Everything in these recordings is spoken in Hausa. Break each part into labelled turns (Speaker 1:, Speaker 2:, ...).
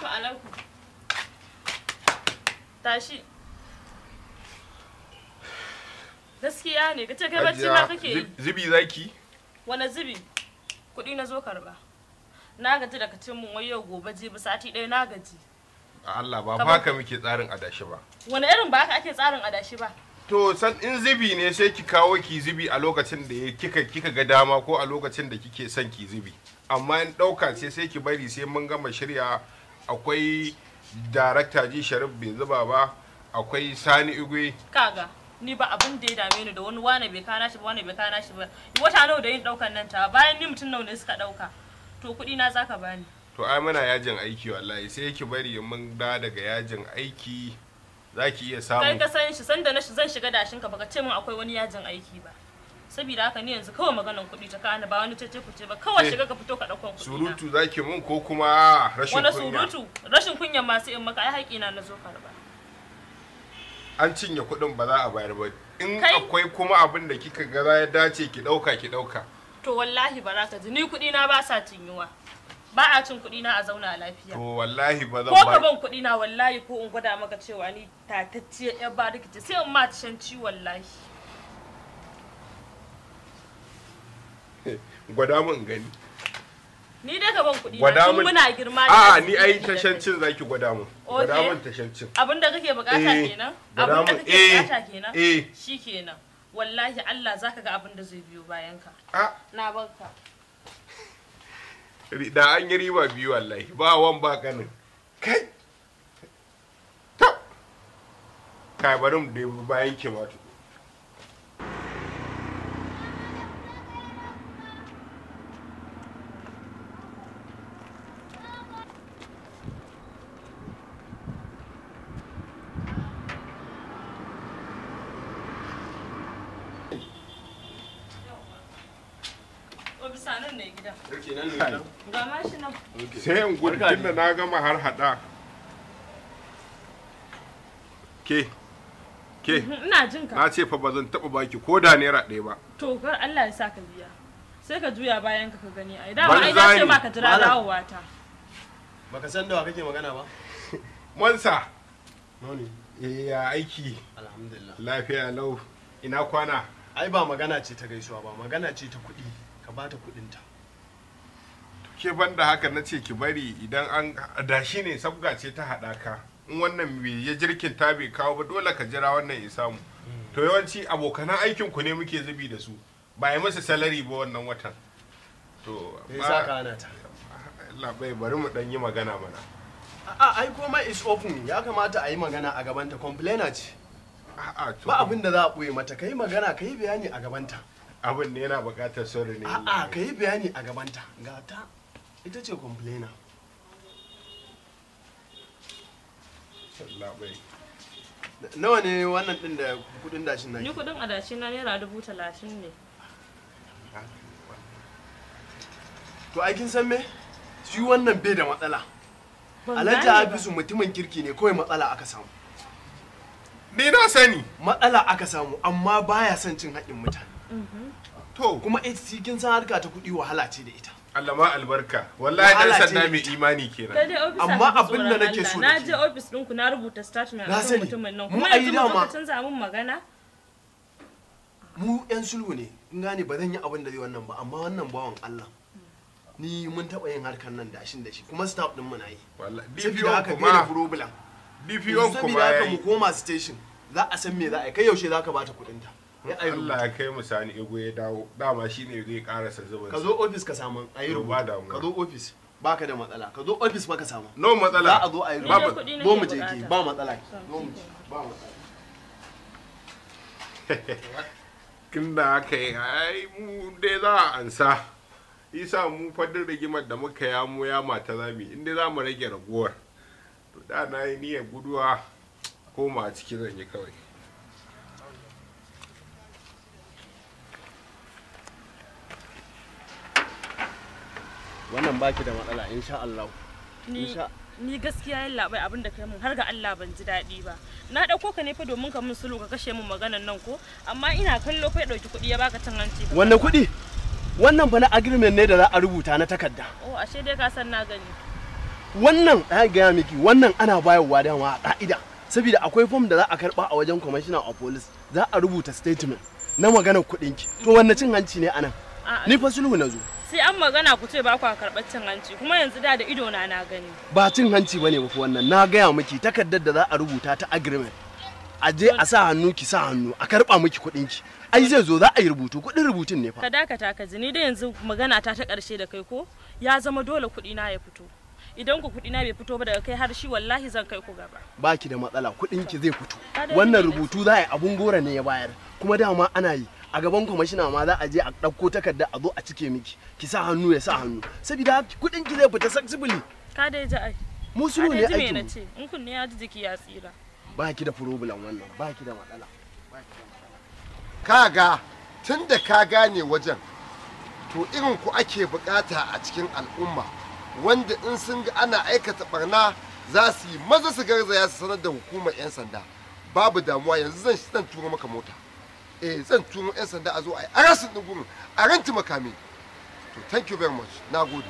Speaker 1: Salamu alaikum. Tashi. Gaskiya ne, ka ce kai bacci ma kake yi.
Speaker 2: Zubi zaki?
Speaker 1: Wane zubi? Kuɗi na zo karba. Na gaji da kacin mun wai yau gobe jibi sati ɗaya na gaji.
Speaker 2: Allah ba haka muke tsarin adashi ba.
Speaker 1: wani irin ba haka ake tsarin adashi ba?
Speaker 2: To san in zibi ne sai ki kawo ki zibi a lokacin da kika kika ga dama ko a lokacin da kike son ki zibi Amma in ɗauka ce sai ki bari sai mun gama shirya akwai darakta ji sharif bai zuba ba akwai sani igwe
Speaker 1: kaga ni ba abin da ya dame ni da wani wane bai kana shi ba wane bai kana shi ba wata nawa da yin daukan nan ta bayan ni mutum nawa ne suka dauka to kuɗi na zaka bani
Speaker 2: to ai muna yajin aiki wallahi sai ki bari mun da daga yajin aiki zaki iya samu kai ka
Speaker 1: san shi sanda na zan shiga dashin ka baka ce min akwai wani yajin aiki ba saboda haka ne yanzu kawai maganar kuɗi ta kana ba wani cece kuce ba kawai eh. shiga ka fito ka ɗauko kuɗi surutu
Speaker 2: zaki mun ko kuma rashin kunya wani surutu
Speaker 1: rashin kunya masu in maka ai haƙi na na zo karba
Speaker 2: an cinye kuɗin ba za a bayar ba in akwai kuma abin da kika ga ya dace ki ɗauka ki ɗauka
Speaker 1: to wallahi ba za ka ji ni kuɗi na ba sa cinyuwa ba a cin kuɗi na a zauna a lafiya. To
Speaker 2: wallahi ba zan ba. Ko ka ban
Speaker 1: kuɗi na wallahi ko in gwada maka cewa ni tatacciyar yar bariki ce sai in ma ta shan wallahi.
Speaker 2: gwada mun gani
Speaker 1: ni dai ka ban kuɗi gwada mun muna girma a ni ai tashancin
Speaker 2: zaki gwada mun gwada mun tashancin
Speaker 1: abinda kake bukata eh, kenan abinda kake eh, bukata kenan eh. shikenan wallahi Allah zaka ga abin da zai biyo bayan ka ah. na barka
Speaker 2: da an yi riba biyu wallahi ba wan ba kanin kai ta kai bari mu da bayan ki ma
Speaker 1: sayan ne gidan.
Speaker 2: gudu na gama har hada. Ke. Ke. Mhm,
Speaker 1: ina jin ka. Na
Speaker 2: ce fa ba zan taba baki ko da naira ɗaya ba.
Speaker 1: To, kar Allah ya sa ka biya. Sai ka juya bayan ka ka gani ai. Dama ai da ce maka ka jira dawowa ta.
Speaker 2: Baka san da wa kake magana ba? Mansa.
Speaker 3: Noni. Eh ya aiki. Alhamdulillah. Lafiya lau. Ina kwana. Ai ba magana ce ta gaisuwa ba, magana ce ta kuɗi. ka bata to
Speaker 2: ke banda haka na ce ki bari idan an da shi ne sabga ce ta haɗaka in wannan me ya jirkin ta bai kawo ba dole ka jira wannan ya samu mm. to yawanci abokanan aikin ku ne muke zubi da su ba yi masa salari ba wannan watan to ba
Speaker 3: labai bari mu dan yi magana mana a'a ai komai is open ya kamata a yi magana a gabanta complainer ce ba abin da za a ɓoye mata ka yi magana ka yi bayani a gabanta abin ne yana bukatar sorry ne a'a ka yi bayani a gabanta ga ta ita ce complaina nawa ne wannan din da kudin dashin na ni
Speaker 1: kudin adashi na naira dubu talatin ne
Speaker 3: to aikin san me shi wannan bai da matsala
Speaker 1: alhaji abisu
Speaker 3: mutumin kirki ne kawai matsala aka samu ni na sani matsala aka samu amma baya son cin haɗin mutane mhm. to kuma HC kin san harka ta kuɗi wahala ce da ita Allah ma
Speaker 2: albarka wallahi dan sanna mai imani kenan amma abin da nake so na
Speaker 1: je office ɗinku na rubuta statement akan mutumin nan kuma yanzu ba ka canza mun magana
Speaker 3: mu yan sulhu ne in gane ba zan yi abin da zai wannan ba amma wannan bawan Allah ni mun taɓa yin harkar nan da shin da shi kuma staff ɗin muna yi Wallahi bi bai kuma bi DPO kuma ya yi mu koma station za a san me za a yi kai yaushe za ka bata kuɗin ta Allah
Speaker 2: ya kai mu sani ego ya dawo dama shine zai karasa zuba ka zo
Speaker 3: office ka samu a yi rubutu ka zo office baka da matsala ka zo office baka samu no matsala za a zo a yi rubutu bo mu je ki ba matsala
Speaker 2: ba matsala kin da aka yi ai mu dai za a ansa isa mu fadin rigimar da muka ya mu ya mata zami in dai za mu rage raguwar to da na yi niyyar guduwa koma a cikin zanyi kawai
Speaker 3: wannan baki da matsala insha Allah
Speaker 1: ni gaskiya yin labai abin da kai mun har ga Allah ban ji daɗi ba na ɗauko ka ne fa domin ka mun sulu ka kashe mun maganan nan ko amma ina kallo fa ɗauki kuɗi ya baka cin hanci
Speaker 3: wannan kuɗi wannan fa na agreement ne da za a rubuta na takarda
Speaker 1: oh ashe dai ka san na gani
Speaker 3: wannan a gaya miki wannan ana bayarwa da ma ka'ida saboda akwai form da za a karba a wajen commissioner of police za a rubuta statement na maganar ki. to wannan cin hanci ne anan ni fa sulhu na zo
Speaker 1: sai an magana ku ce ba ku karɓar cin hanci kuma yanzu da da ido na na gani
Speaker 3: ba cin hanci bane ba wannan na gaya miki takardar da za a rubuta ta agreement a je a sa hannu ki sa hannu a karɓa miki kuɗin ki ai zai zo za a yi rubutu kuɗin rubutun ne fa ka
Speaker 1: dakata ka ji ni da yanzu magana ta ta ƙarshe da kai ko ya zama dole kuɗi na ya fito idan ku kuɗi na bai fito ba daga kai har shi wallahi zan kai ku gaba
Speaker 3: baki da matsala kuɗin ki zai fito wannan rubutu za a yi abun gora ne ya bayar kuma dama ana yi a gaban kwamishina ma za a je a ɗauko takarda a zo a cike miki ki sa hannu ya sa hannu saboda kuɗin ki zai fita sensibly
Speaker 1: ka dai ji ai
Speaker 3: su ne aiki na ce
Speaker 1: in ne ya ji jiki ya tsira
Speaker 4: ba ki da problem wannan ba ki da matsala ka tun da ka gane wajen to irin ku ake bukata a cikin al'umma wanda in sun ga ana aikata barna za su yi maza su garzaya su sanar da hukumar 'yan sanda babu damuwa yanzu zan tura maka mota eh zan tuno yan sanda a zo a yi arasin din gurin a ranti makami to thank you very much na gode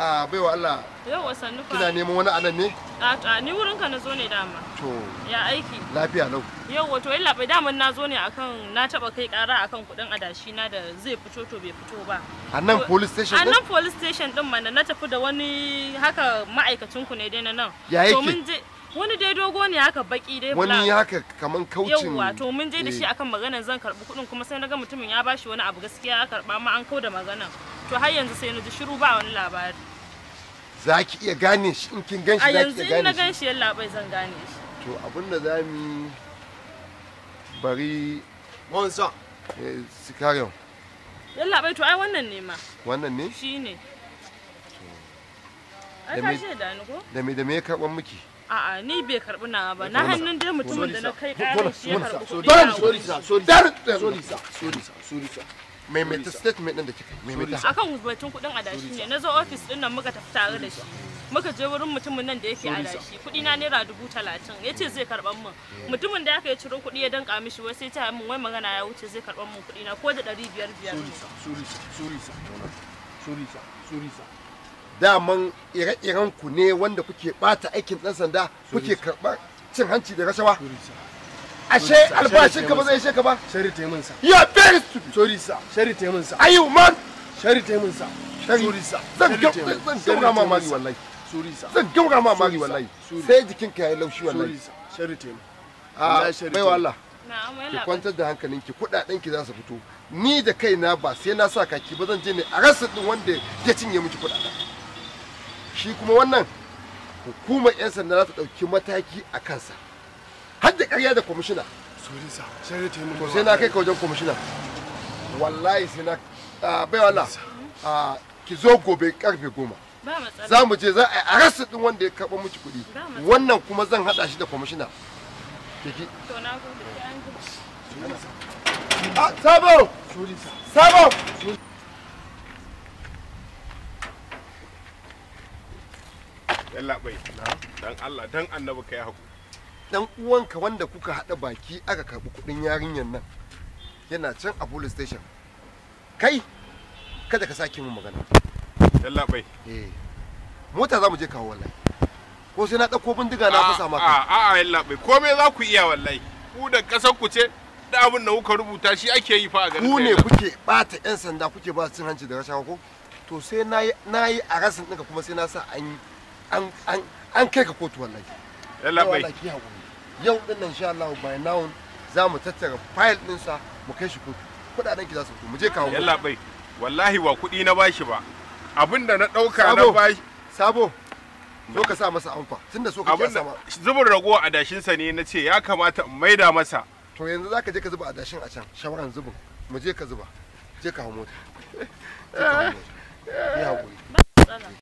Speaker 4: a ah, baiwa Allah
Speaker 1: yau wasannu kina
Speaker 4: neman wani anan ne
Speaker 1: a a ni wurin ka na zo ne dama to ya aiki lafiya lau yau wato illa bai daman na zo ne akan na taba kai kara akan kudin adashi na da zai fito to bai fito ba
Speaker 4: a nan police station a nan
Speaker 1: police station din mana na tafi da wani haka ma'aikacin ku ne dai na nan ya to mun je wani dai dogo ne haka baki dai wani haka
Speaker 4: kaman kaucin yawa to mun je da shi akan
Speaker 1: magana zan karbi kuɗin kuma sai naga mutumin ya bashi wani abu gaskiya ya karba ma an kauda magana to har yanzu sai na ji shiru ba wani labari
Speaker 4: za ki iya gane shi in kin gan shi za ki iya gane shi a yanzu in na gan
Speaker 1: shi yalla bai zan gane shi
Speaker 4: to abin da za mu bari monsa eh, sikariyon
Speaker 1: yalla bai to ai wannan ne ma
Speaker 4: wannan ne shine ne ai ka shaida ni ko da me da me ya ban miki
Speaker 1: a'a ni bai karɓi na ba na hannun dai mutumin da na kai karin shi ya kuɗi na sorry sir
Speaker 4: sorry sir sorry sir sorry sir maimaita statement din da kika maimaita
Speaker 1: akan batun kuɗin adashi ne na zo ofis din nan muka tafi tare da shi muka je wurin mutumin nan da yake adashi kuɗi na naira dubu talatin ya ce zai karɓar min mutumin da aka yi ciro kuɗi ya danka mishi wai sai ta min wai magana ya wuce zai karɓar min kuɗi na ko da ɗari biyar biyar
Speaker 4: sorry sir sorry sir sorry daman ire-iren ku ne wanda kuke bata aikin dan sanda kuke karɓar cin hanci da rashawa ashe albashin ka ba zai sheka ba shari ta min sa ya very stupid sorry sir shari ta min sa ayu man shari ta min sa sorry sir zan ga zan ga ma mari wallahi sorry sir zan ga ma mari wallahi sai jikin ka yayi laushi wallahi shari ta min a bai wallah ki kwantar da hankalinki kudaden ki za su fito ni da kaina ba sai na sa kaki ba zan je ne a rasa din wanda ya cinye miki kudaden shi kuma wannan hukumar 'yan sanda za ta ɗauki mataki a kansa har da ƙarya da kwamishina sai na kai ka wajen kwamishina wallahi sai na bai wala ki zo gobe karfe goma za mu je za a yi arasa ɗin wanda ya karɓa miki kuɗi wannan kuma zan haɗa shi da kwamishina kiki sabo sabo
Speaker 2: labai dan Allah dan annabi kai haku
Speaker 4: dan uwanka wanda kuka haɗa baki aka karɓi kuɗin yarinyar nan yana can a police station kai kada ka sake mun magana dan labai eh. mota za mu je kawo wallahi ko sai na ɗauko bindiga na fasa maka a ah, a ah, ah,
Speaker 2: yan labai komai za ku iya wallahi ku da kasar ku ce da abin da kuka rubuta shi ake yi fa
Speaker 4: a garin ku ne kuke bata yan sanda kuke ba cin hanci da rashawa ko to sai na yi a rasin ɗinka kuma sai na sa an yi an kai ka kotu wallahi yalla yau din nan insha Allah by now za mu tattara file din sa mu kai shi kotu kudaden ki za su mu je kawo yalla
Speaker 2: bai wallahi wa kudi na bashi ba
Speaker 4: abinda na dauka
Speaker 2: na bashi sabo zo ka sa masa amfa tunda so ka sa ma zubin ragowa adashin sa ne nace ya kamata in maida masa
Speaker 4: to yanzu zaka je ka zuba adashin a can shawaran zubin mu je ka zuba je ka hawo mota ya
Speaker 1: hakuri